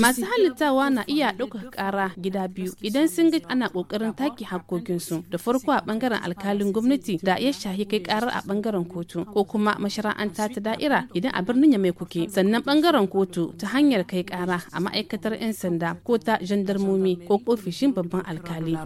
masu halittawa na iya ɗaukar ƙara gida biyu idan sun ga ana ƙoƙarin take hakokinsu da farko a ɓangaren alkalin gwamnati da ya shahi kai ƙarar a ɓangaren kotu ko kuma mashara'anta ta da'ira idan a birnin ya mai kuke sannan ɓangaren kotu ta hanyar kai ƙara a ma'aikatar 'yan sanda ko ta jandarmomi ko ofishin babban alkali.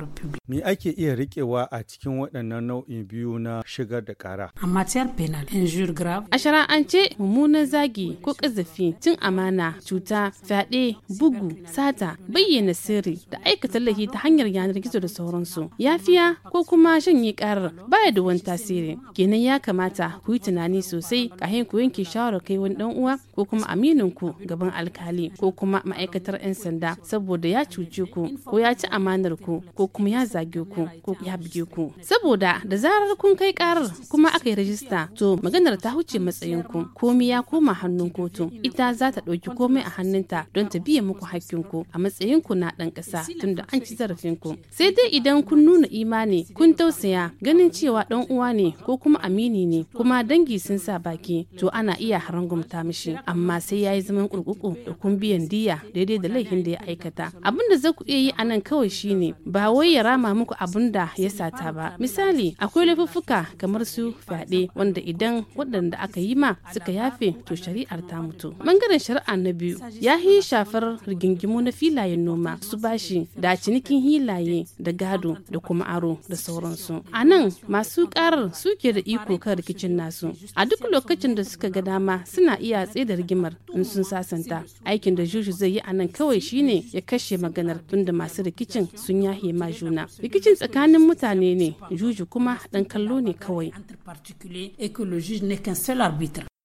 Me ake iya riƙewa a cikin waɗannan nau'in biyu na shigar da ƙara? A matiyar penal, injure grave. A shara'ance mummunan zagi ko ƙazafi, cin amana, cuta, fyaɗe bugu sata bayyana sirri da aikata tallafi ta hanyar yanar gizo da sauransu yafiya ko kuma shanye karar baya da wani tasiri kenan ya kamata ku yi tunani sosai kahin ku yanke shawarar kai wani dan uwa ko kuma aminin ku gaban alkali ko kuma ma'aikatar yan sanda saboda ya cuce ku ko ya ci amanar ku ko kuma ya zage ku ko ya buge ku saboda da zarar kun kai karar kuma aka yi rajista to maganar ta huce matsayin ku komai ya koma hannun kotu ita za ta ɗauki komai a hannunta don ta biya muku hakkinku a matsayinku na ɗan ƙasa tunda an ci zarafinku. Sai dai idan kun nuna imani kun tausaya ganin cewa ɗan uwa ne ko kuma amini ne kuma dangi sun sa baki to ana iya harangumta mishi amma sai ya yi zaman kurkuku da kun biyan diya daidai da laifin da ya aikata. Abin da za ku iya yi a nan kawai shine ba wai ya rama muku abin da ya sata ba. Misali akwai laifuffuka kamar su fyaɗe wanda idan waɗanda aka yi ma suka yafe to shari'ar ta mutu. Bangaren shari'a na biyu ya yi shafar rigingimu na filayen noma su bashi da cinikin hilaye da gado da kuma aro da sauransu a nan masu karar suke da iko kan rikicin nasu a duk lokacin da suka ga dama suna iya da rigimar in sun sasanta aikin da jushi zai yi a nan kawai shine ya kashe maganar tunda masu rikicin sun yahe ma juna rikicin tsakanin mutane ne juju kuma dan kallo ne kawai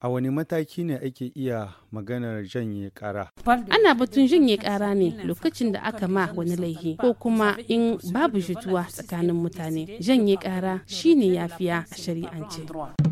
A wani mataki ne ake iya maganar janye kara? Ana batun janye kara ne lokacin da aka ma wani laifi ko kuma in babu jituwa tsakanin mutane. Janye shi ne yafiya a shari'ance.